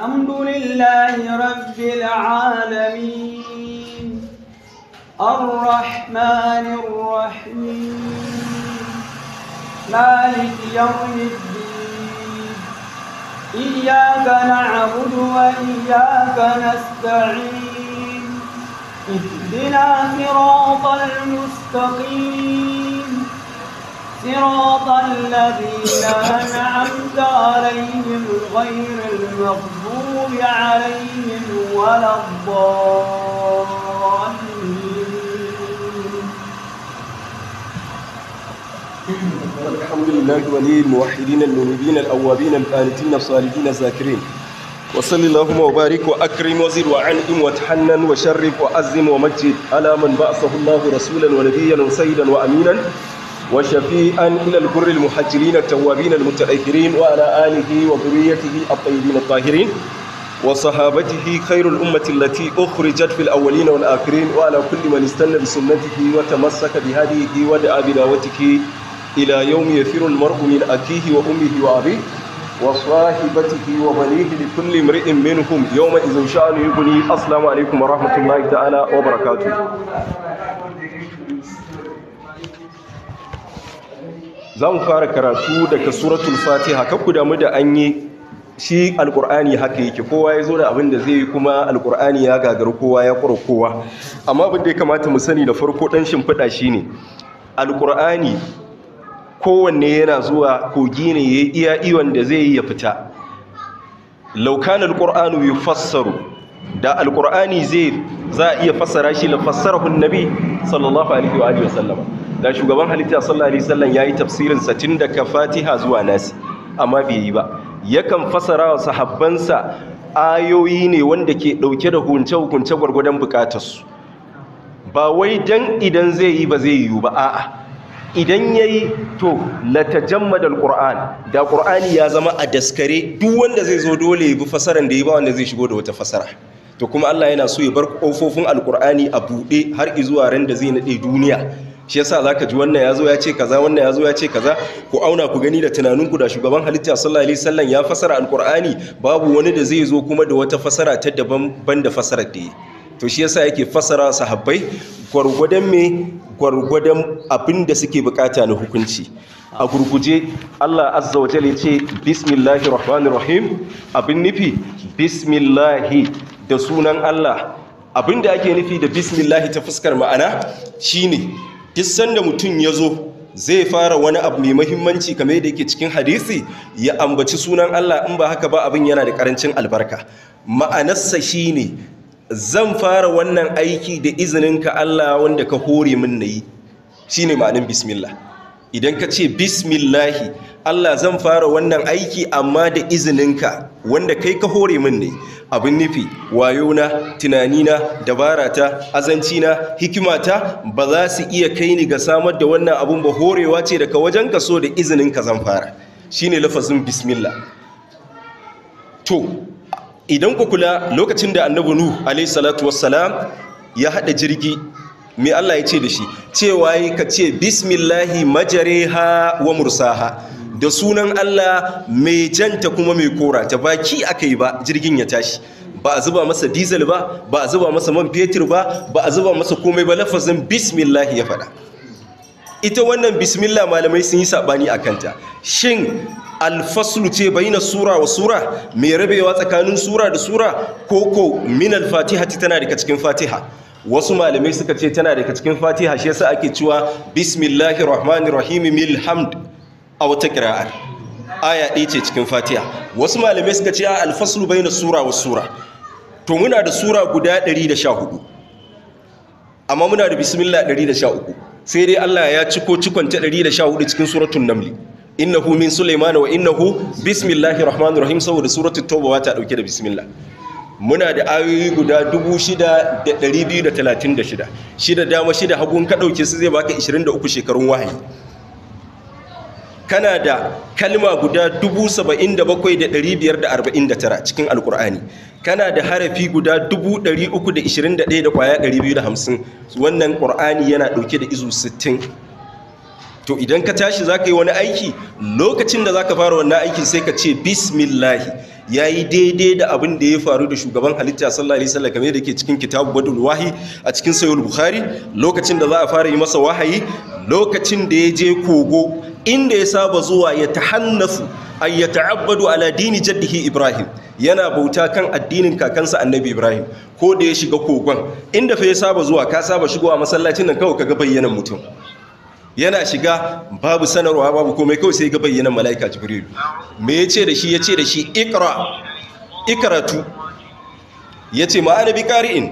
الحمد لله رب العالمين الرحمن الرحيم مالك يوم الدين إياك نعبد وإياك نستعين اهدنا صراط المستقيم صراط الذين أنعمت عليهم غير المغضوب عليهم ولا الضالين الحمد لله ولي الموحدين المنيبين الأوابين الفانتين الصالحين الذاكرين وصل اللهم وبارك وأكرم وزد وعنئم وتحنن وشرف وأزم ومجد على من بعثه الله رسولا ونبيا وسيدا وأمينا وشفيئا إلى البر المحجرين التوابين المتأثرين وعلى آله وذريته الطيبين الطاهرين وصحابته خير الأمة التي أخرجت في الأولين والآخرين وعلى كل من استنى بسنته وتمسك بهديه ودعا بدعوته إلى يوم يفر المرء من أخيه وأمه وأبيه وصاحبته وبنيه لكل امرئ منهم يومئذ شأن يبني السلام عليكم ورحمة الله تعالى وبركاته za mu fara karatu daga suratul fatiha kan ku damu da an yi shi alkur'ani haka yake kowa ya zo da abin da zai yi kuma alkur'ani ya gagar kowa ya ƙura kowa amma abin da ya kamata mu sani da farko ɗan shimfiɗa shi ne alkur'ani kowanne yana zuwa kogi ne ya iya iwan da zai yi ya fita laukan alkur'anu ya fassaru da alkur'ani zai za a iya fassara shi la hun nabi sallallahu alaihi wa sallama da shugaban halitta sallallahu alaihi wasallam yayi tafsirin sa tun daga Fatiha zuwa Nasi amma bai yi ba yakan fasara wa sahabbansa ayoyi ne wanda ke dauke da hunce hukunce gurgurdan bukatar su ba wai dan idan zai yi ba zai yi ba a'a idan yayi to latajammadal alquran da qur'ani ya zama a daskare duk wanda zai zo dole ya bi fasaran da yi ba wanda zai shigo da wata fasara to kuma Allah yana so ya bar kofofin alqur'ani a bude har izuwa ran da zai nade duniya shi yasa zaka ji wannan yazo ya ce kaza wannan yazo ya ce kaza ku auna ku gani da tunanin ku da shugaban halitta sallallahu alaihi wasallam ya fasara alqur'ani babu wani da zai zo kuma da wata fasara ta daban banda fasarar da to shi yasa yake fasara sahabbai gurgudan me gurgudan abinda suke bukata na hukunci a gurguje Allah azza wa jalla ce bismillahir rahmanir rahim abin nufi bismillah da sunan Allah abin ake nufi da bismillahi ta fuskar ma'ana shine duk sanda mutum ya zo zai fara wani abu mai mahimmanci kamar yadda yake cikin hadisi ya ambaci sunan Allah in ba haka ba abin yana da karancin albarka ma'anarsa shine zan fara wannan aiki da izinin ka Allah wanda ka hore min na nayi shine ma'anin bismillah idan ka ce bismillahi Allah zan fara wannan aiki amma da izininka wanda kai ka hore min ne abin nufi wayona tunanina dabarata azancina hikimata ba za su iya kai ni ga samar da wannan abun ba horewa ce daga wajen ka so da izininka zan fara Shi ne lafazin bismillah to idan ku kula lokacin da annabi nuh alayhi salatu wassalam ya haɗa jirgi Mai Allah ya ce da shi cewa yi ka ce bismillahi majareha wa mursaha da sunan Allah mai janta kuma mai kora ta baki aka yi ba jirgin ya tashi ba a zuba masa diesel ba ba a zuba masa man fetur ba ba a zuba masa komai ba lafazin bismillahi ya faɗa ita wannan bismillah malamai sun yi saɓani a kanta shin alfaslu ce bayna sura wa sura mai rabewa tsakanin sura da sura ko ko Fatiha ta tana daga cikin fatiha wasu malamai suka ce tana daga cikin fatiha shi yasa ake cewa bismillahir rahmanir rahim mil hamd a wata kira'ar aya ɗaya ce cikin fatiha wasu malamai suka ce a alfaslu bayna sura wa sura to muna da sura guda 114 amma muna da bismillah 113 sai dai Allah ya ciko cikon ta 114 cikin suratul naml innahu min sulaymana wa innahu bismillahir rahmanir rahim saboda suratul tauba ta dauke da bismillah muna da ayoyi guda 6,236 shida dama shida hagun ka ɗauke su zai baka 23 shekarun wahayi kana da kalma guda 77,549 cikin alkur'ani kana da harafi guda 321 da kwaya 250 wannan ƙur'ani yana ɗauke da izu 60 to idan ka tashi za ka yi wani aiki lokacin da za ka fara wannan aikin sai ka ce bismillahi ya yi daidai da abin da ya faru da shugaban halitta sallallahu alaihi wasallam kamar da ke cikin kitabu badul wahi a cikin sayyid bukhari lokacin da za a fara yi masa wahayi lokacin da ya je kogo inda ya saba zuwa ya tahannasu ay yata'abbadu ala dini jaddihi ibrahim yana bauta kan addinin kakansa annabi ibrahim ko da ya shiga kogon inda fa ya saba zuwa ka saba shigowa masallacin nan kawai kaga bayyanan mutum yana shiga babu sanarwa babu komai kawai sai ga bayyana mala'ika jibril me yace da shi yace da shi ikra ikratu yace ma annabi qari'in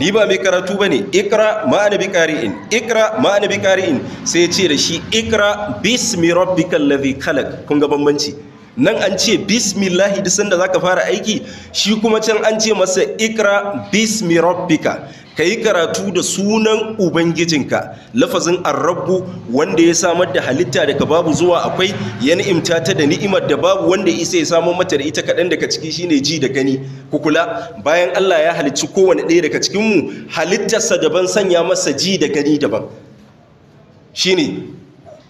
ni ba mai karatu bane ikra ma annabi qari'in ikra ma annabi qari'in sai yace da shi ikra bismi rabbikal ladhi khalaq kun ga bambanci nan an ce bismillahi duk sanda zaka fara aiki shi kuma can an ce masa ikra bismi rabbika ka yi karatu da sunan ubangijinka lafazin arrabu wanda ya samar da halitta daga babu zuwa akwai ya ni'imta ta da ni'imar da babu wanda isa ya samar mata da ita kaɗan daga ciki shine ji da gani kukula bayan allah ya halicci kowane ɗaya daga cikinmu halittarsa daban sanya masa ji da gani daban shine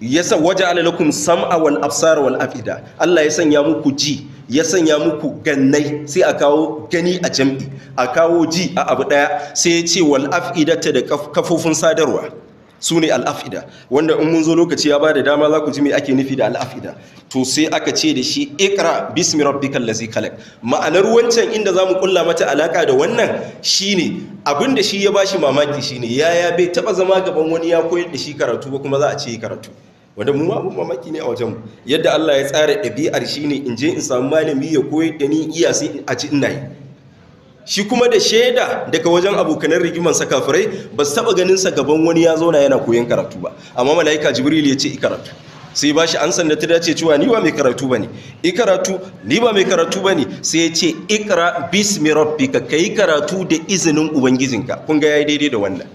yasa waje lakum sam'a wal absara wal afida Allah ya sanya muku ji ya sanya muku gannai sai a kawo gani a jam'i a kawo ji a abu daya sai ya ce wal afidata da kafofin sadarwa su ne al'afida wanda in mun zo lokaci ya ba da dama za ku ji mai ake nufi da al'afida to sai aka ce da shi ikra bismi rabbikal lazi kalak ma'anar wancan inda za mu kulla mata alaka da wannan shine ne da shi ya bashi mamaki shine yaya bai taba zama gaban wani ya koyar da shi karatu ba kuma za a ce karatu wanda mu abun mamaki ne a wajen yadda Allah ya tsara ɗabi'ar shine in je in samu malami ya koyar da ni iya sai a ci ina yi shi kuma da shaida daga wajen abokanan rigimar sa kafirai ba su taba ganin sa gaban wani ya zauna yana koyon karatu ba amma malaika jibril ya ce ikaratu sai ba shi an sanda ta dace cewa ni ba mai karatu bane i karatu ni ba mai karatu bane sai ya ce ikra bismi rabbika kai karatu da izinin ubangijinka kun ga yayi daidai da wannan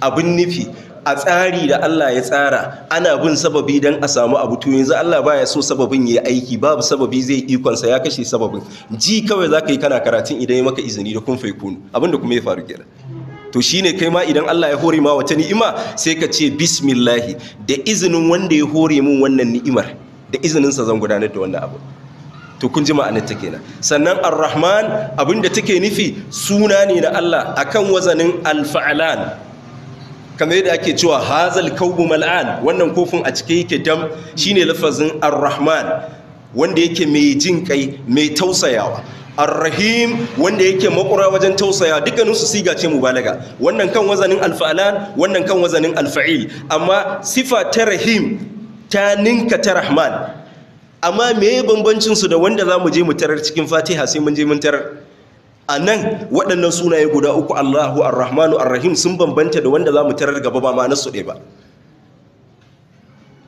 abin nufi a tsari da Allah ya tsara ana bin sababi don a samu abu to yanzu Allah baya so sababin ya aiki babu sababi zai ikonsa ya kashe sababin ji kawai za ka yi kana karatun idan ya maka izini da kun fai kunu abinda kuma ya faru kenan to shi ne kai ma idan Allah ya hore ma wata ni'ima sai ka ce bismillahi da izinin wanda ya hore mun wannan ni'imar da izininsa zan gudanar da wannan abu to kun ji ma'anar ta kenan sannan ar-rahman abinda take nufi suna ne na Allah akan wazanin al-fa'lan kamar yadda ake cewa hazal kaubu mal'an wannan kofin a cike yake dam shine lafazin ar-rahman wanda yake mai jin kai mai tausayawa ar-rahim wanda yake makura wajen tausaya dukkanin su siga ce mubalaga wannan kan wazanin alfa'lan wannan kan wazanin alfa'il amma sifa ta rahim ta ninka ta rahman amma meye bambancin da wanda za mu je mu tarar cikin fatiha sai mun je mun tarar a nan waɗannan sunaye guda uku allahu arrahmanu arrahim sun bambanta da wanda za mu tarar gaba ba ma nasu ɗaya ba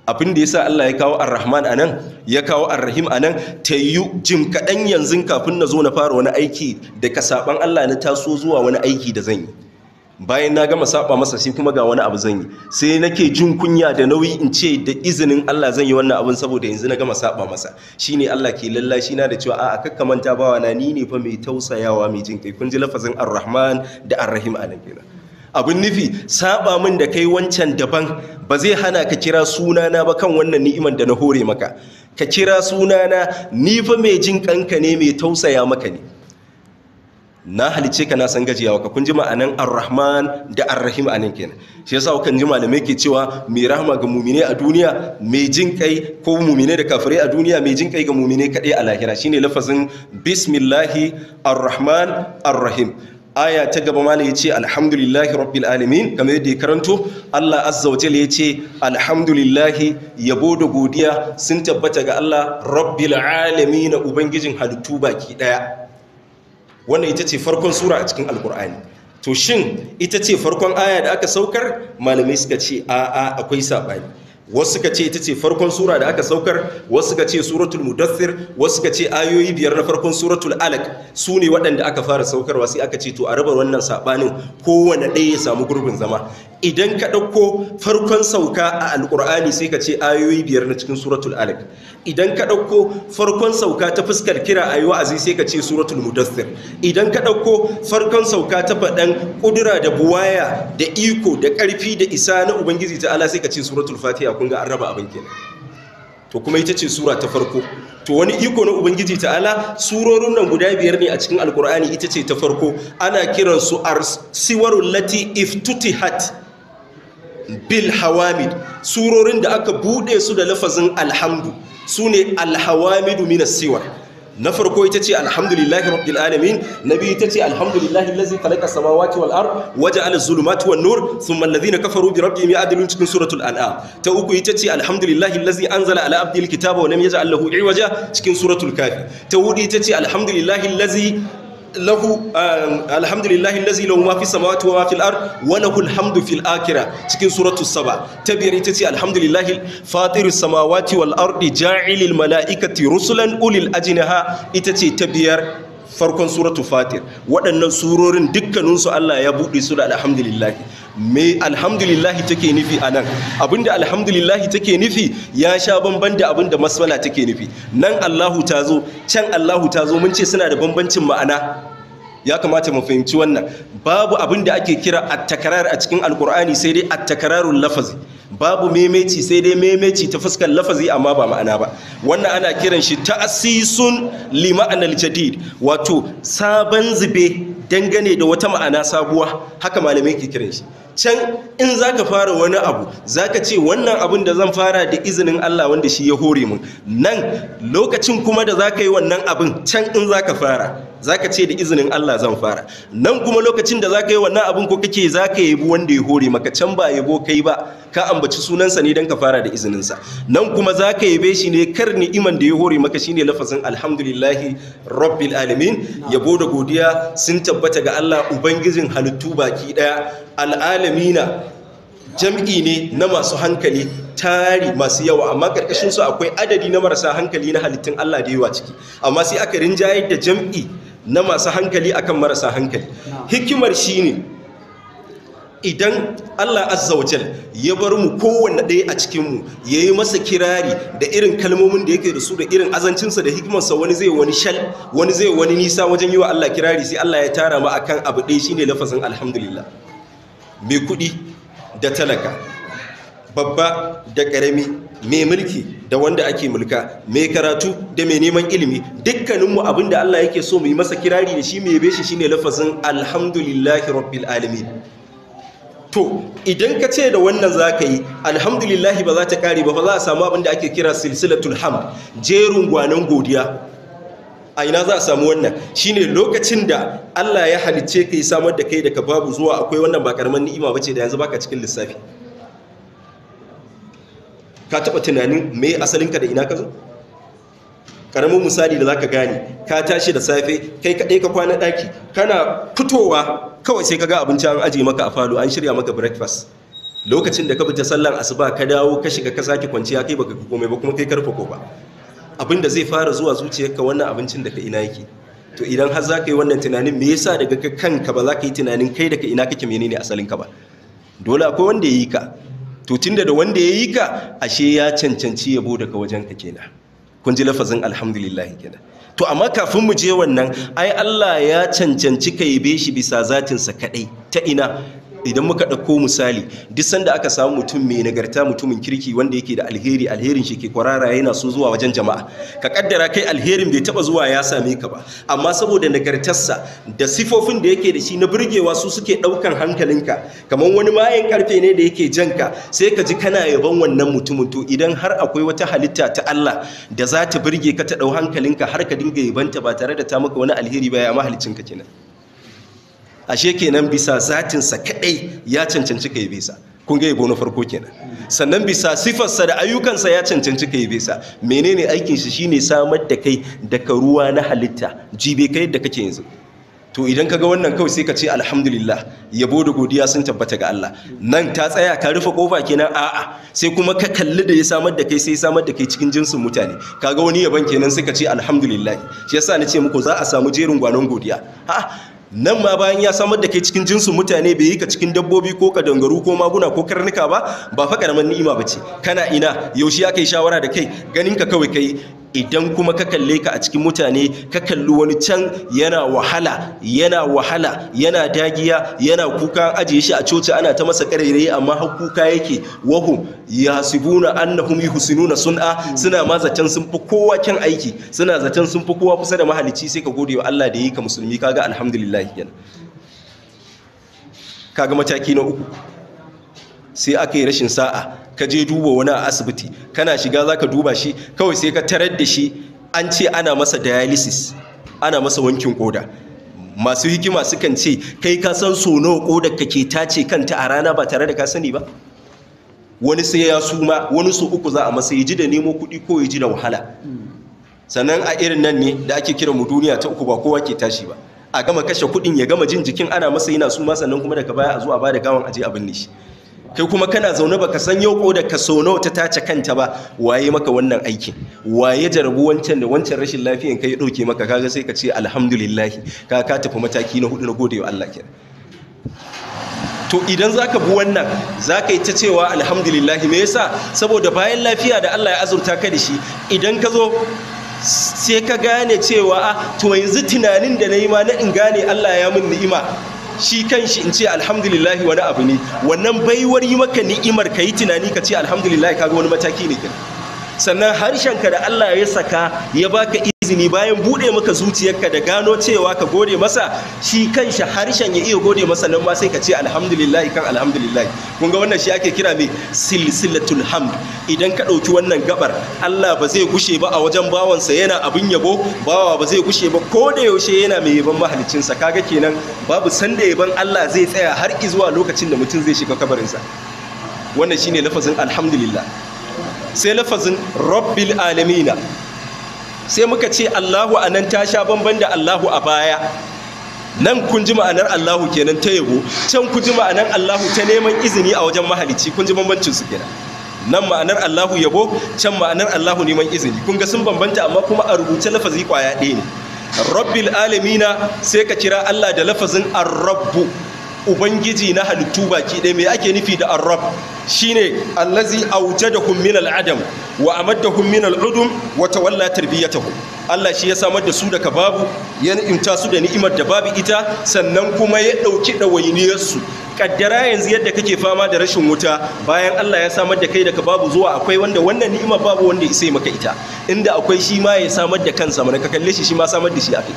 abin da ya sa Allah ya kawo arrahman a nan ya kawo arrahim a nan ta yi jim kaɗan yanzu kafin na zo na fara wani aiki daga saɓan Allah na taso zuwa wani aiki da zan yi bayan na gama saba masa sai kuma ga wani abu zan yi sai nake jin kunya da nauyi in ce da izinin Allah zan yi wannan abin saboda yanzu na gama saba masa shine Allah ke lallashi na da cewa a'a kakka manta bawa na ni ne fa mai tausayawa mai jin kun ji lafazin Ar-Rahman da Ar-Rahim anan kenan abin nufi saba min da kai wancan daban ba zai hana ka kira sunana ba kan wannan ni'imar da na hore maka ka kira sunana ni fa mai jin kanka ne mai tausaya maka ne na halice ka na san gajiyawa ka kun ji ma'anan ar-rahman da ar-rahim anan kenan shi yasa kan ji malamai ke cewa mai rahma ga mumine a duniya mai jin kai ko mumine da kafirai a duniya mai jin kai ga mumine kadai a lahira shine lafazin bismillahi ar-rahman ar-rahim aya ta gaba malai yace alhamdulillahi rabbil alamin kamar yadda ya karanto Allah azza wa jalla yace alhamdulillahi yabo da godiya sun tabbata ga Allah rabbil alamin ubangijin halittu baki daya wannan ita ce farkon sura a cikin alkur'ani to shin ita ce farkon aya da aka saukar malamai suka ce a'a akwai saɓani wasu suka ce ita ce farkon sura da aka saukar wasu suka ce suratul mudathir wasu suka ce ayoyi biyar na farkon suratul alaq su ne waɗanda aka fara saukarwa sai aka ce to a raba wannan saɓanin kowane ɗaya ya samu gurbin zama idan ka ɗauko farkon sauka a alƙur'ani sai ka ce ayoyi biyar na cikin suratul alaq idan ka ɗauko farkon sauka ta fuskar kira a yi wa'azi sai ka ce suratul mudathir idan ka ɗauko farkon sauka ta faɗan ƙudura da buwaya da iko da ƙarfi da isa na ubangiji ta'ala sai ka ce suratul fatiha kun ga an raba abin kenan to kuma ita ce sura ta farko to wani iko na ubangiji ta'ala surorin nan guda biyar ne a cikin alkur'ani ita ce ta farko ana kiran su siwarun lati iftutihat bil hawamid surorin da aka bude su da lafazin alhamdu su ne alhawamidu minas siwar na farko ita ce alhamdulillahi rabbil alamin na biyu ita ce alhamdulillahi allazi khalaqa samawati wal ard waja'ala zulumati wan nur thumma allazina kafaru bi rabbihim ya'dilun cikin suratul an'am ta uku ita ce alhamdulillahi allazi anzala ala abdil kitaba wa lam yaj'al lahu iwaja cikin suratul kafi ta hudu ita ce alhamdulillahi allazi lahu um, alhamdulillahi allazi lahu ma fi samawati wa ma fil ard wa lahu alhamdu fil akhirah cikin suratul saba ta biyar ita ce alhamdulillahi fatiru samawati wal ardi ja'ilil malaikati rusulan ulil ajnaha ita ce ta biyar farkon suratu fatir waɗannan surorin dukkaninsu Allah ya buɗe su da alhamdulillahi me alhamdulillahi take nufi a nan abinda alhamdulillahi take nufi ya sha bamban da abinda masmala take nufi nan allahu ta zo can allahu ta zo mun ce suna da bambancin ma'ana ya kamata mu fahimci wannan babu abinda ake kira attakarar a cikin alkur'ani sai dai attakararun lafazi babu memeci sai dai memeci ta fuskar lafazi amma ba ma'ana ba wannan ana kiran shi ta'asisun li ma'anar jadid wato sabon zube dangane da wata ma'ana sabuwa haka malamai ke kiran shi can in za ka fara wani abu za ka ce wannan abin da zan fara da izinin Allah wanda shi ya hore mun nan lokacin kuma da za ka yi wannan abin can in za ka fara za ka ce da izinin Allah zan fara nan kuma lokacin da za ka yi wannan abin ko kake za ka yi wanda ya hore maka can ba yabo kai ba ka ambaci sunansa ne don ka fara da izininsa nan kuma za yi bai shi ne kar ni iman da ya hore maka ne lafazin alhamdulillahi rabbil alamin yabo da godiya sun tabbata ga Allah ubangijin halittu baki ɗaya al'alamina jam'i ne na masu hankali tari masu yawa amma ƙarƙashin su akwai adadi na marasa hankali na halittun Allah da yawa ciki amma sai aka rinjayar da jam'i na masu hankali akan marasa hankali hikimar shine idan Allah azza wajal ya bar mu kowanne ɗaya a cikinmu ya yi masa kirari da irin kalmomin da yake da su da irin azancinsa da hikimarsa wani zai wani shal wani zai wani nisa wajen yi wa Allah kirari sai Allah ya tara mu akan abu ɗaya ne lafazin alhamdulillah mai kuɗi da talaka babba da ƙarami mai mulki da wanda ake mulka mai karatu da mai neman ilimi dukkaninmu da Allah yake so mu yi masa kirari da shi mai bai shi ne lafazin alhamdulillahi rabbil alamin to idan ka ce da wannan za ka yi alhamdulillahi ba za ta kare ba ba za a samu abin da ake kira silsilatul ham jerin gwanon godiya a ina za a samu wannan shine lokacin da Allah ya halice ka yi samar da kai daga babu zuwa akwai wannan ba karaman ni'ima ce da yanzu baka cikin lissafi ka taba tunanin me asalin ka da ina ka zo karamin misali da za ka gane ka tashi da safe kai kaɗai ka kwana ɗaki? kana fitowa kawai sai kaga abinci an aje maka a falo an shirya maka breakfast lokacin da ka fita sallar asuba ka dawo ka shiga ka sake kwanciya kai baka komai ba kuma kai karfa ko ba abin da zai fara zuwa zuciyarka wannan abincin daga ina yake to idan har za ka yi wannan tunanin me yasa daga ka kanka ba za ka yi tunanin kai daga ina kake menene asalin ka ba dole akwai wanda ya yi ka to tunda da wanda ya yi ka ashe ya cancanci yabo daga wajen ka kenan kun ji lafazin alhamdulillah kenan to amma kafin mu je wannan ai Allah ya cancanci ka yabe shi bisa zatinsa kadai ta ina idan muka ɗauko misali duk sanda aka samu mutum mai nagarta mutumin kirki wanda yake da alheri alherin shi ke kwarara yana so zuwa wajen jama'a ka kaddara kai alherin bai taba zuwa ya same ka ba amma saboda nagartarsa da sifofin da yake da shi na burgewa su suke ɗaukan hankalinka kamar wani mayan karfe ne da yake jan ka sai ka ji kana yaban wannan mutumin to idan har akwai wata halitta ta Allah da za ta burge ka ta ɗau hankalinka har ka dinga yabanta ba tare da ta maka wani alheri ba ya mahalicin ka kenan ashe kenan bisa zatinsa kadai ya cancanci ka yi bisa. kun ga yabo na farko kenan sannan bisa sifarsa da ayyukansa ya cancanci ka yi bisa. menene aikin shi shine samar da kai daga ruwa na halitta jibe kai da kake yanzu to idan kaga wannan kawai sai ka ce alhamdulillah yabo da godiya sun tabbata ga Allah nan ta tsaya ka rufe kofa kenan a'a sai kuma ka kalli da ya samar da kai sai samar da kai cikin jinsin mutane kaga wani yaban kenan sai ka ce alhamdulillah shi yasa ni ce muku za a samu jerin gwanon godiya ha nan ma bayan ya samar da kai cikin jinsin mutane bai yi ka cikin dabbobi ko kadangaru ko maguna ko karnuka ba ba fa karamin ni'ima bace kana ina yaushe aka yi shawara da kai ganin ka kawai kai idan kuma ka kalle ka a cikin mutane ka kalli wani can yana wahala yana wahala yana dagiya yana kuka an ajiye shi a coci ana ta masa karerai amma har kuka yake wahu ya sibuna annahum yuhsinuna sun'a suna ma zaton sun fi kowa kyan aiki suna zaton sun fi kowa kusa da mahalicci sai ka gode wa Allah da yi ka musulmi kaga alhamdulillah kenan kaga mataki na uku sai aka yi rashin sa'a ka je duba wani a asibiti kana shiga za ka duba shi kawai sai ka tarar da shi an ce ana masa dialysis ana masa wankin koda masu hikima sukan ce kai ka san so nawa kodar ka ke tace kanta a rana ba tare da ka sani ba wani sai ya suma wani so uku za a masa ya ji da nemo kuɗi ko ya ji da wahala sannan a irin nan ne da ake kira mu duniya ta uku ba kowa ke tashi ba a gama kashe kuɗin ya gama jin jikin ana masa yana suma sannan kuma daga baya a zuwa ba da gawan aje abin ne shi kai kuma kana zaune baka san yau ko da ka so nawa ta tace kanta ba waye maka wannan aikin waye jarabu wancan da wancan rashin lafiyan kai ya dauke maka kaga sai ka ce alhamdulillah ka ka tafi mataki na hudu na gode wa Allah kenan to idan zaka bi wannan zaka yi ta cewa alhamdulillah me yasa saboda bayan lafiya da Allah ya azurta ka da shi idan ka zo sai ka gane cewa a ah, to yanzu tunanin da nayi ma na in gane Allah ya mun ni'ima shi kan shi in ce alhamdulillah wani abu ne wannan baiwar yi maka ni'imar ka yi tunani ka ce alhamdulillah kaga wani mataki ne sannan harshen ka da Allah ya saka ya baka izini bayan bude maka zuciyarka da gano cewa ka gode masa shi kanshi harshen ya iya gode masa nan ma sai ka ce alhamdulillah kan alhamdulillah kun ga wannan shi ake kira mai silsilatul hamd idan ka ɗauki wannan gabar Allah ba zai gushe ba a wajen bawansa yana abin yabo bawa ba zai gushe ba ko da yaushe yana mai yaban mahalicinsa kaga kenan babu sanda yaban Allah zai tsaya har zuwa lokacin da mutum zai shiga kabarinsa wannan shine lafazin alhamdulillah sai lafazin rabbil alamina sai muka ce Allahu a nan ta sha bamban da Allahu a baya nan kun ji ma'anar Allahu kenan ta yabo can kun ji ma'anar Allahu ta neman izini a wajen mahalicci kun ji bambancin su kenan nan ma'anar Allahu yabo can ma'anar Allahu neman izini kun ga sun bambanta amma kuma a rubuce lafazi kwaya ɗaya ne rabbil alamina sai ka kira Allah da lafazin ar-rabbu ubangiji na halittu baki ɗaya mai ake nufi da arab shine allazi da min al'adam wa amaddahum min al'udum wa tawalla tarbiyatahum Allah shi ya samar da su daga babu ya ni'imta su da ni'imar da babu ita sannan kuma ya ɗauki ɗawainiyarsu. su kaddara yanzu yadda kake fama da rashin wuta bayan Allah ya samar da kai daga babu zuwa akwai wanda wannan ni'imar babu wanda ya isa maka ita inda akwai shi ma ya samar da kansa mana ka kalle shi shi ma samar da shi akai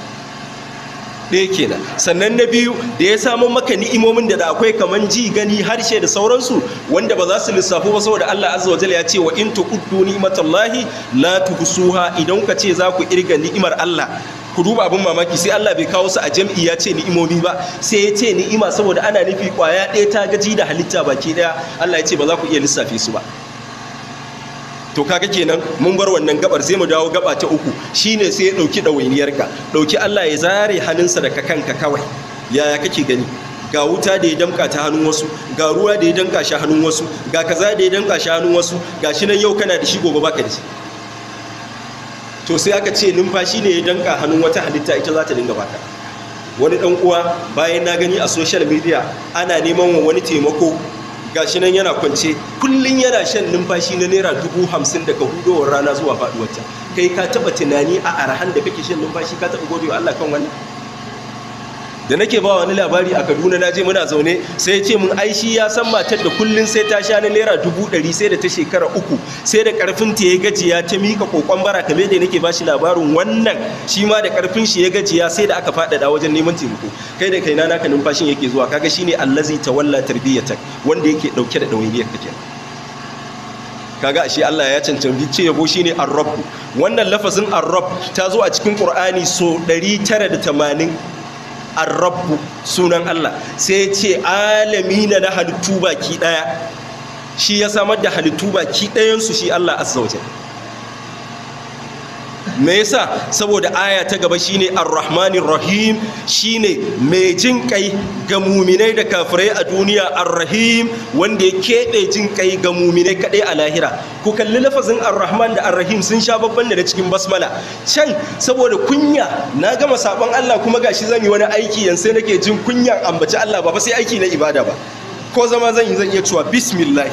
ɗaya kenan sannan na biyu da ya samu maka ni'imomin da da akwai kamar ji gani harshe da sauransu wanda ba za su lissafu ba saboda Allah azza wa ya ce wa in tuqdu ni'matallahi la tuhsuha idan ka ce za ku irga ni'imar Allah ku duba abin mamaki sai Allah bai kawo su a jam'i ya ce ni'imomi ba sai ya ce ni'ima saboda ana nufi kwaya ɗaya ta gaji da halitta baki ɗaya Allah ya ce ba za ku iya lissafe su ba to kaga kenan mun bar wannan gabar sai mu dawo gaba ta uku shine sai ya dauki ɗawainiyarka dauki Allah ya zare hannunsa daga kanka kawai yaya kake gani ga wuta da ya damka ta hannun wasu ga ruwa da ya damka shi hannun wasu ga kaza da ya damka shi hannun wasu ga shi nan yau kana da shi gobe baka da shi to sai aka ce numfashi ne ya danka hannun wata halitta ita za ta dinga baka wani dan uwa bayan na gani a social media ana neman wa wani taimako gashi nan yana kwance kullum yana shan numfashi na naira dubu hamsin daga hudowar rana zuwa faduwarta kai ka taba tunani a arahan da kake shan numfashi ka taba godiyo Allah kan wannan da nake ba wani labari a kaduna na je muna zaune sai ya ce mun ai ya san matar da kullun sai ta sha na naira dubu ɗari sai da ta shekara uku sai da karfin ta ya gajiya ta mika kokon bara kamar da nake ba shi labarin wannan shi ma da karfin shi ya gajiya sai da aka faɗaɗa wajen neman taimako kai da kaina naka numfashin yake zuwa kaga shine allazi tawalla tarbiyata wanda yake dauke da dawainiyar ka kenan kaga ashe Allah ya cancanci ce yabo shine ar-rabb wannan lafazin ar ta zo a cikin Qur'ani so 980 arrabu sunan Allah sai ya ce alamina na halittu baki daya shi ya samar da halittu baki dayan su shi Allah azza wajalla me yasa saboda aya ta gaba shine ar-rahmanir rahim shine mai jin kai ga muminai da kafirai a duniya ar-rahim wanda ya keɓe jin kai ga muminai kadai a lahira ku kalli lafazin ar-rahman da ar-rahim sun sha babban da cikin basmala can saboda kunya na gama sabon Allah kuma gashi zan yi wani aiki sai nake jin kunyan ambaci Allah ba sai aiki na ibada ba ko zama zan yi zan iya cewa bismillah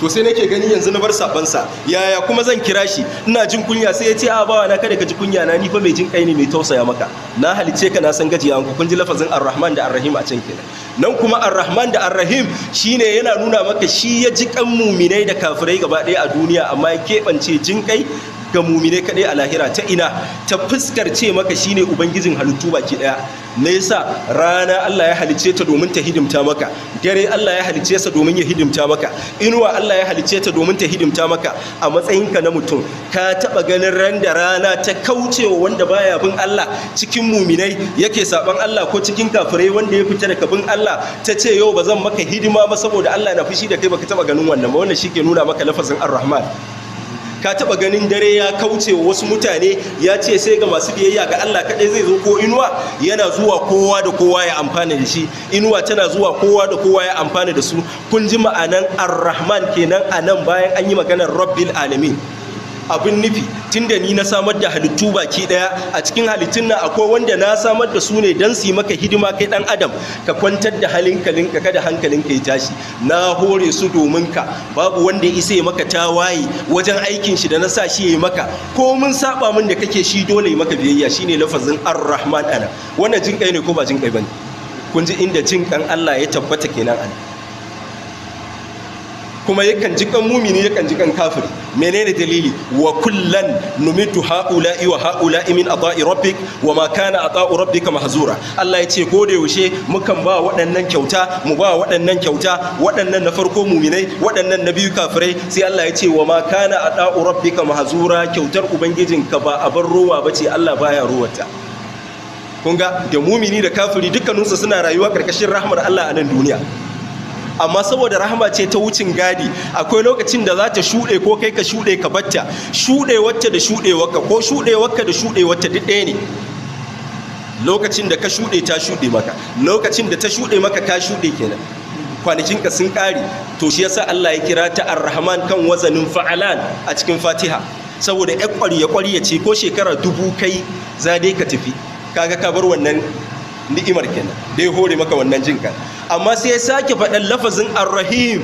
to sai nake gani yanzu na bar sabansa yaya kuma zan kira shi ina jin kunya sai ya ce a bawa na kada ka ji kunya na ni fa mai jin kai ne mai tausaya maka na halice ka na san gajiya ku kun ji lafazin arrahman da arrahim a can kenan nan kuma arrahman da arrahim shine yana nuna maka shi ya ji kan muminai da kafirai gaba ɗaya a duniya amma ya keɓance jin kai ga mumine kaɗai a lahira ta ina ta fuskar ce maka shi ne ubangijin halittu baki daya me yasa rana Allah ya halice ta domin ta hidimta maka dare Allah ya halice sa domin ya hidimta maka inuwa Allah ya halice ta domin ta hidimta maka a matsayinka na mutum ka taba ganin ran da rana ta kaucewa wanda baya bin Allah cikin muminai yake saban Allah ko cikin kafirai wanda ya fita daga bin Allah ta ce yau ba zan maka hidima ba saboda Allah na fushi da kai baka taba ganin wannan ba wannan shike nuna maka lafazin Ar-Rahman ka taba ganin dare ya kauce wa wasu mutane ya ce sai ga masu biyayya ga Allah kaɗai zai zo ko inuwa yana zuwa kowa da kowa ya amfana da shi inuwa tana zuwa kowa da kowa ya amfana da su kun ji ma'anan ar-rahman kenan anan bayan an yi maganar rabbil alamin abin nufi tun da ni na samar da halittu baki daya a cikin halittun nan akwai wanda na samar da su ne don su yi maka hidima kai dan adam ka kwantar da ka kada ka yi tashi na hore su domin ka babu wanda isa ya maka tawaye wajen aikin shi da na sa shi ya yi maka ko mun saba mun da kake shi dole ya maka biyayya shine lafazin ar-rahman ana wannan jin kai ne ko ba jin kai bane kun ji inda jin kan Allah ya tabbata kenan ana kuma yakan ji kan mumini yakan ji kan kafiri menene dalili wa kullan numitu haula wa haula min ata'i rabbik wa ma kana ata'u rabbika mahzura Allah ya ce ko da yaushe mukan ba waɗannan kyauta mu ba waɗannan kyauta waɗannan na farko muminai waɗannan na biyu kafirai sai Allah ya ce wa ma kana ata'u rabbika mahzura kyautar ubangijinka ba a bar rowa bace Allah baya ruwarta kun ga da mumini da kafiri dukkaninsu suna rayuwa karkashin rahmar Allah a nan duniya amma saboda rahama ce ta wucin gadi akwai lokacin da za ta shuɗe ko kai ka shuɗe ka batta shuɗe wacce da shuɗe waka, ko shuɗe waka da shuɗewarta duk ɗaya ne lokacin da ka shuɗe ta shuɗe maka lokacin da ta shuɗe maka ka shuɗe kenan kwanakin ka sun ƙare to shi yasa Allah ya kira ta Ar-Rahman kan wazanin fa'alan a cikin Fatiha saboda ya ƙwariya ƙwarya ce ko shekara dubu kai za dai ka tafi kaga ka bar wannan ni'imar kenan dai hore maka wannan jinka amma sai ya sake faɗan lafazin arrahim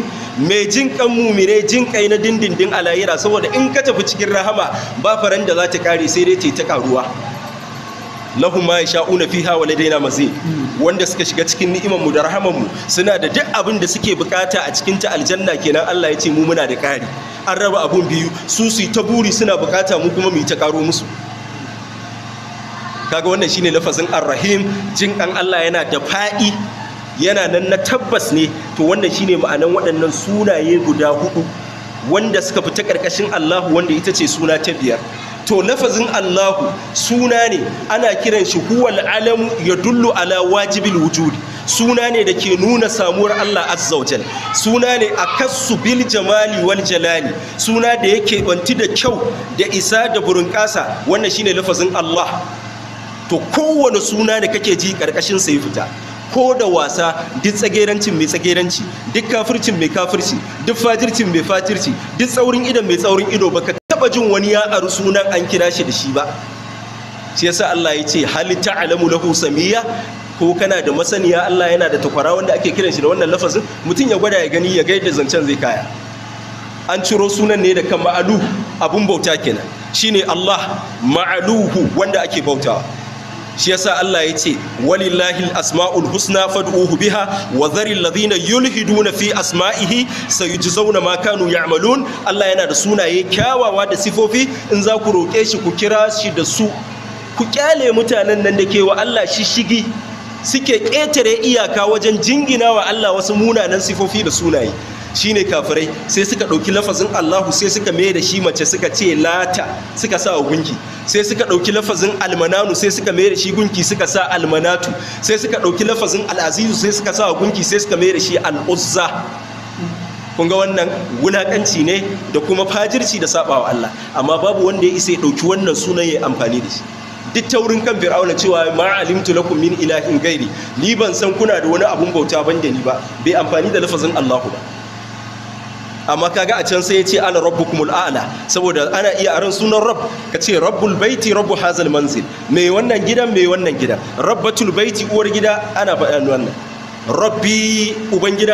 mai jin kan mumire jin kai na dindindin alayira saboda in ka tafi cikin rahama ba faran da za ta kare sai dai ta karuwa lahum ma fi fiha wa ladaina mazid wanda suka shiga cikin ni'imar mu da rahamar mu suna da duk abin da suke bukata a cikin ta aljanna kenan Allah ya ce mu muna da kari an raba abun biyu su su ta buri suna bukata mu kuma mu ta karo musu kaga wannan shine lafazin arrahim jin kan Allah yana da fa'i yana nan na tabbas ne to wannan shine ma'anan waɗannan sunaye guda hudu wanda suka fita ƙarƙashin Allahu wanda ita ce suna ta biyar to lafazin Allahu suna ne ana kiran shi huwal alamu ya dullu ala wajibin wujudi suna ne da ke nuna samuwar Allah azzawajal suna ne a kassu bil jamali wal jalali suna da yake banti da kyau da isa da burinƙasa wannan shine lafazin Allah to kowane suna da kake ji ƙarƙashin sai fita ko da wasa duk tsagerancin mai tsageranci duk kafircin mai kafirci duk fajircin mai fajirci duk tsaurin ido mai tsaurin ido baka taba jin wani ya aru sunan an kira shi da shi ba shi yasa Allah ya ce hal ta'lamu lahu samiyya ko kana da masaniya Allah yana da takwara wanda ake kiran shi da wannan lafazin mutum ya gwada ya gani ya ga yadda zancen zai kaya an ciro sunan ne da kan ma'alu abun bauta kenan shine Allah ma'aluhu wanda ake bautawa shi yasa Allah ya ce walillahi asma'ul husna fad'uhu biha wa dharil ladhina yulhiduna fi asma'ihi sayujzauna ma kanu ya'malun Allah yana da sunaye kyawawa da sifofi in za ku roke shi ku kira shi da su ku kyale mutanen nan da ke wa Allah shishigi suke ƙetare iyaka wajen jingina wa Allah wasu munanan sifofi da sunaye shine kafirai sai suka ɗauki lafazin Allahu sai suka mai da shi mace suka ce lata suka sa wa gunki sai suka ɗauki lafazin almananu sai suka mai da shi gunki suka sa almanatu sai suka ɗauki lafazin al'azizu sai suka sa wa gunki sai suka mai da shi al'uzza kun ga wannan wulaƙanci ne da kuma fajirci da saɓawa Allah amma babu wanda ya isa ya ɗauki wannan sunan ya amfani da shi duk taurin kan fir'auna cewa ma alimtu lakum min ilahin gairi ni ban san kuna da wani abun bauta ban da ni ba bai amfani da lafazin Allahu ba amma kaga a can sai ya ce ana rabbukumul a'la saboda ana iya aran sunan rabb ka ce rabbul baiti rabbu hazal manzil mai wannan gidan mai wannan gidan rabbatul baiti uwar gida ana bayan wannan rabbi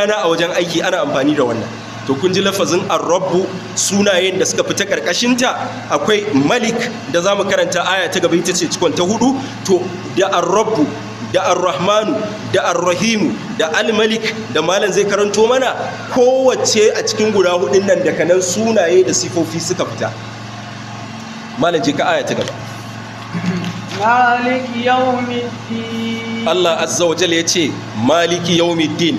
na a wajen aiki ana amfani da wannan to kun ji lafazin ar-rabbu sunayen da suka fita ta akwai malik da zamu karanta aya ta gaba ita ce cikon ta hudu to da ar-rabbu da arrahmanu rahmanu da arrahimu rahimu da al-malik da malam zai karanto mana kowace a cikin guda hudun nan da kanan sunaye da sifofi suka fita malam je ka aya ta gaba Allah azza wa jalla yace maliki yawmiddin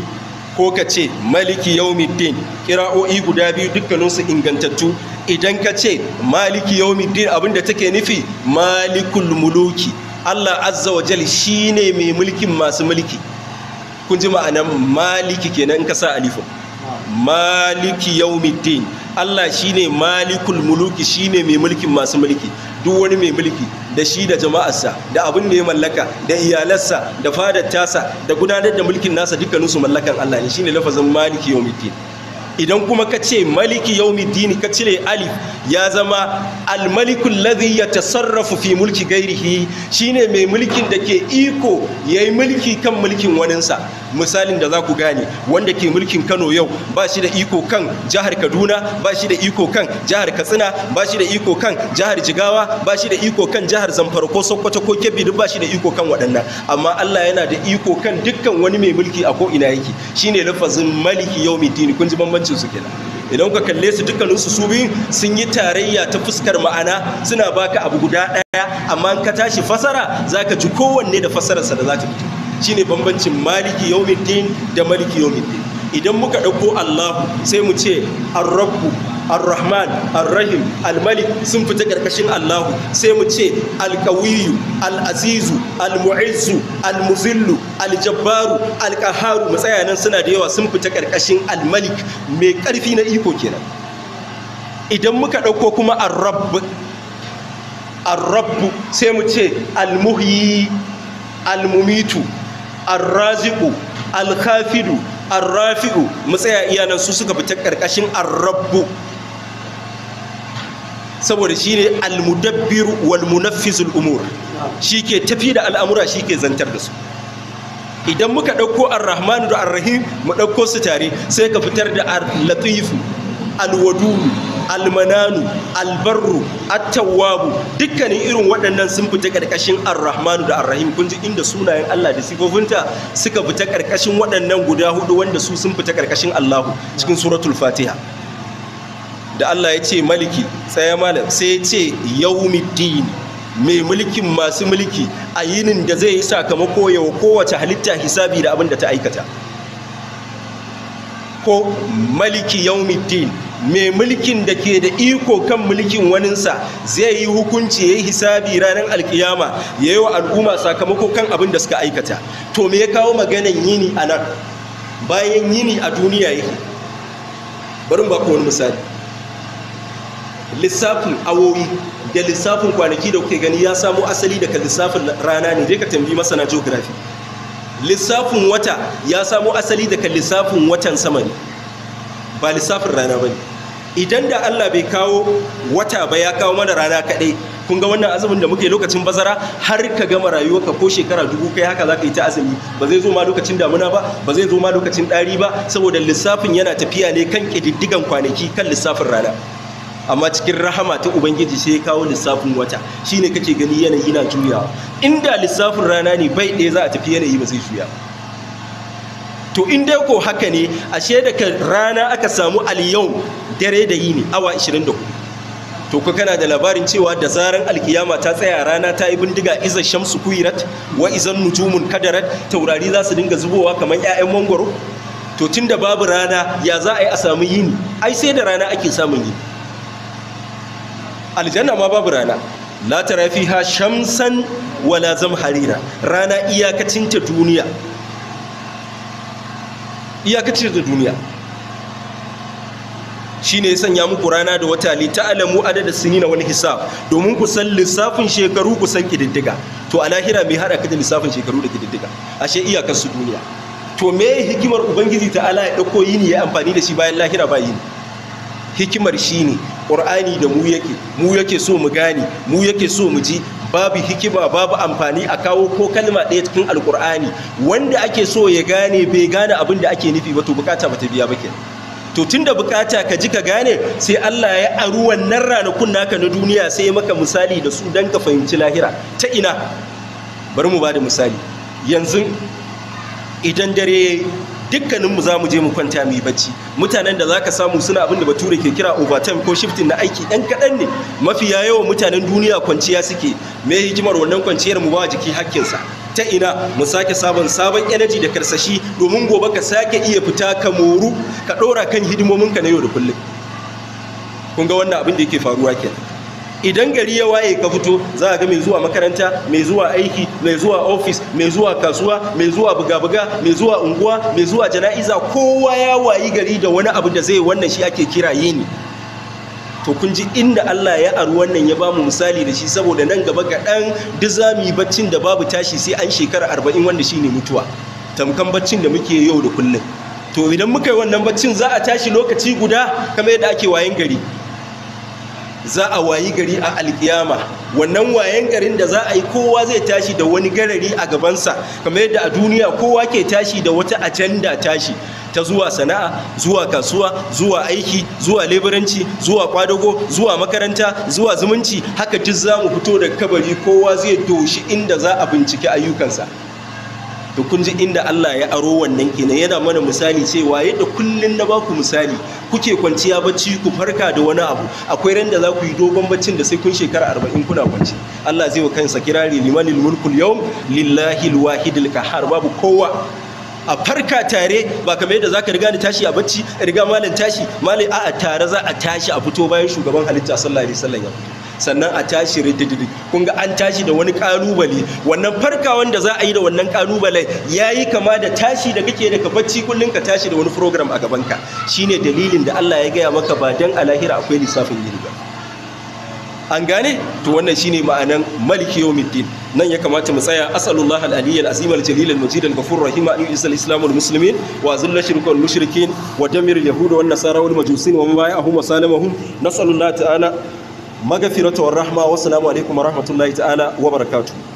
ko ka ce maliki yaumiddin kira'o'i guda biyu dukkaninsu ingantattu idan ka ce maliki yaumiddin abinda take nufi malikul muluki Allah azza wa jal shi ne mai mulkin masu mulki kun ji ma'anan maliki kenan in ka sa alifin maliki yau mitin Allah shine malikul muluki shine mai mulkin masu mulki duk wani mai mulki da shi da jama'arsa da abin da ya mallaka da iyalarsa da fadar tasa da gudanar da mulkin nasa dukkaninsu mallakan Allah ne shine lafazin maliki yau mitin idan kuma ka ce maliki dini ka cire alif ya zama almalikul ta sarrafa fi mulki gairihi shine mai mulkin da ke iko ya yi mulki kan mulkin waninsa misalin da za ku gane wanda ke mulkin Kano yau ba shi da iko kan jihar Kaduna ba shi da iko kan jihar Katsina ba shi da iko kan jihar Jigawa ba shi da iko kan jihar Zamfara ko Sokoto ko Kebbi duk ba shi da iko kan waɗannan amma Allah yana da iko kan dukkan wani mai mulki a ko ina yake shine lafazin maliki dini kun ji bambanci su kenan idan ka kalle su dukkaninsu su biyu sun yi tarayya ta fuskar ma'ana suna baka abu guda ɗaya amma ka tashi fasara zaka ji kowanne da fasararsa da zata ta fito shine bambancin maliki yawmiddin da maliki yawmiddin idan muka ɗauko Allahu sai mu ce ar ar-rahman ar-rahim al-malik sun fita karkashin allahu sai mu ce al kawiyu al-azizu al-mu'izzu al-muzillu al-jabbaru al-qaharu matsayanan suna da yawa sun fita karkashin al-malik mai karfi na iko kenan idan muka dauko kuma ar-rabb ar-rabb sai mu ce al-muhyi al-mumitu ar-raziqu al-khafidu arrafi'u matsaya iyanan su suka fita karkashin arrabu saboda shine al-mudabbir wal munaffizul umur ke tafi da al'amura shi ke zantar da su idan muka ɗauko ar-rahmanu da ar-rahim mu ɗauko su tare sai ka fitar da al-latifu al-wadudu al-mananu al-barru at-tawwabu dukkanin irin waɗannan sun fita ƙarƙashin ar-rahmanu da ar-rahim kun ji inda sunayen Allah da sifofinta suka fita ƙarƙashin waɗannan guda hudu wanda su sun fita ƙarƙashin Allahu cikin suratul Fatiha da Allah ya ce maliki tsaye malam sai ya ce yaumiddin mai mulkin masu mulki a yinin da zai yi sakamako ya kowace halitta hisabi da abin da ta aikata ko maliki yaumiddin mai mulkin da ke da iko kan mulkin waninsa zai yi hukunci ya yi hisabi ranar alkiyama ya yi wa al'umma sakamako kan abin da suka aikata to me ya kawo maganan yini a nan bayan yini a duniya yake bari ba ko wani misali lissafin awowi da lissafin kwanaki da kuke gani ya samo asali daga lissafin rana ne je ka tambi masana geography lissafin wata ya samo asali daga lissafin watan sama ne ba lissafin rana ba idan da allah bai kawo wata ba ya kawo mana rana kaɗai kun ga wannan azumin da muke lokacin bazara har ka gama rayuwarka ko shekara dubu kai haka za ka yi ta azumi ba zai zo ma lokacin damuna ba ba zai zo ma lokacin ɗari ba saboda lissafin yana tafiya ne kan ƙididdigan kwanaki kan lissafin rana amma cikin rahama ta ubangiji sai ya kawo lissafin wata shine kake gani yanayi na juya inda lissafin rana ne bai ɗaya za a tafi yanayi ba zai juya to in dai ko haka ne ashe daga rana aka samu aliyau dare da yini awa 24 to ku kana da labarin cewa da zaran alkiyama ta tsaya rana ta yi bindiga izar shamsu kuirat wa izan nujumun kadarat taurari za su dinga zubowa kamar 'ya'yan mangwaro to tun da babu rana ya za a yi a samu yini ai sai da rana ake samun yini aljanna ma babu rana la tara fiha shamsan wala zamharira rana iyakacin ta duniya iyakacin ta duniya shine ya sanya muku rana da wata li ta'lamu adada sinina wal hisab domin ku san lissafin shekaru ku san kididdiga to a lahira mai hada kada lissafin shekaru da kididdiga ashe iyakar su duniya to me hikimar ubangiji ta'ala ya dauko yini ya amfani da shi bayan lahira ba hikimar shine ƙur'ani da mu yake mu yake so mu gane mu yake so mu ji babu hikima babu amfani a kawo ko kalma ɗaya cikin alƙur'ani wanda ake so ya gane bai gane abin da ake nufi ba to bukata ba ta biya ba ke. to da bukata ka ji ka gane sai Allah ya aru wannan ranakun naka na duniya sai ya maka misali da su don ka fahimci lahira ta ina bari mu ba da misali yanzu idan dare dukkaninmu za mu je mu kwanta mu yi bacci mutanen da za ka samu suna abin da bature ke kira overtime ko shifting na aiki ɗan kaɗan ne mafiya yawan mutanen duniya kwanciya suke me hikimar wannan kwanciyar mu ba jiki hakkinsa ta ina mu sake sabon sabon energy da karsashi domin gobe ka sake iya fita ka moru ka ɗora kan hidimomin ka na yau da kullum kun ga wannan abin da yake faruwa kenan idan gari ya waye ka fito za a ga mai zuwa makaranta mai zuwa aiki mai zuwa ofis mai zuwa kasuwa mai zuwa buga-buga mai zuwa unguwa mai zuwa jana'iza kowa ya wayi gari da wani abu da zai wannan shi ake kira yini to kun ji inda Allah ya aru wannan ya bamu misali da shi saboda nan gaba ga dan dizami baccin da babu tashi sai an shekara 40 wanda shi ne mutuwa tamkan baccin da muke yau da kullum to idan muka yi wannan baccin za a tashi lokaci guda kamar yadda ake wayin gari za a wayi gari a alkiyama wannan wayan garin da za a yi kowa zai tashi da wani garari a gabansa kamar yadda a duniya kowa ke tashi da wata ajanda tashi ta zuwa sana'a zuwa kasuwa zuwa aiki zuwa leburanci zuwa kwadago zuwa makaranta zuwa zumunci haka duk za mu fito da kabari kowa zai doshi inda za a binciki ayyukansa to kun ji inda Allah ya aro wannan kenan yana mana misali cewa yadda kullun na baku misali kuke kwanciya bacci ku farka da wani abu akwai ran da za ku yi dogon baccin da sai kun shekara 40 kuna kwanci Allah zai wa kansa kirari limanil mulkul yawm lillahi alwahidil kahar babu kowa a farka tare ba kamar yadda zaka riga ni tashi a bacci riga malam tashi malam a'a tare za a tashi a fito bayan shugaban halitta sallallahu alaihi wasallam sannan a tashi ridididi kun ga an tashi da wani kalubale wannan farka wanda za a yi da wannan kalubale yi kama da tashi da kake daga bacci kullun ka tashi da wani program a gaban ka shine dalilin da Allah ya gaya maka ba dan alahira akwai lissafin yini ba an gane to wannan shine ma'anan maliki yawmiddin nan ya kamata mu tsaya asallallahu al-aliyyal azim al-jalil al-majid al-ghafur rahim an al islam al-muslimin wa shirku al-mushrikin wa damir yahud wa nasara wal-majusin wa ma ba'ahum wa salamahum nasallallahu ta'ala magafiratu wa rahma wassalamu alaikum wa rahmatullahi ta'ala wa barakatuhu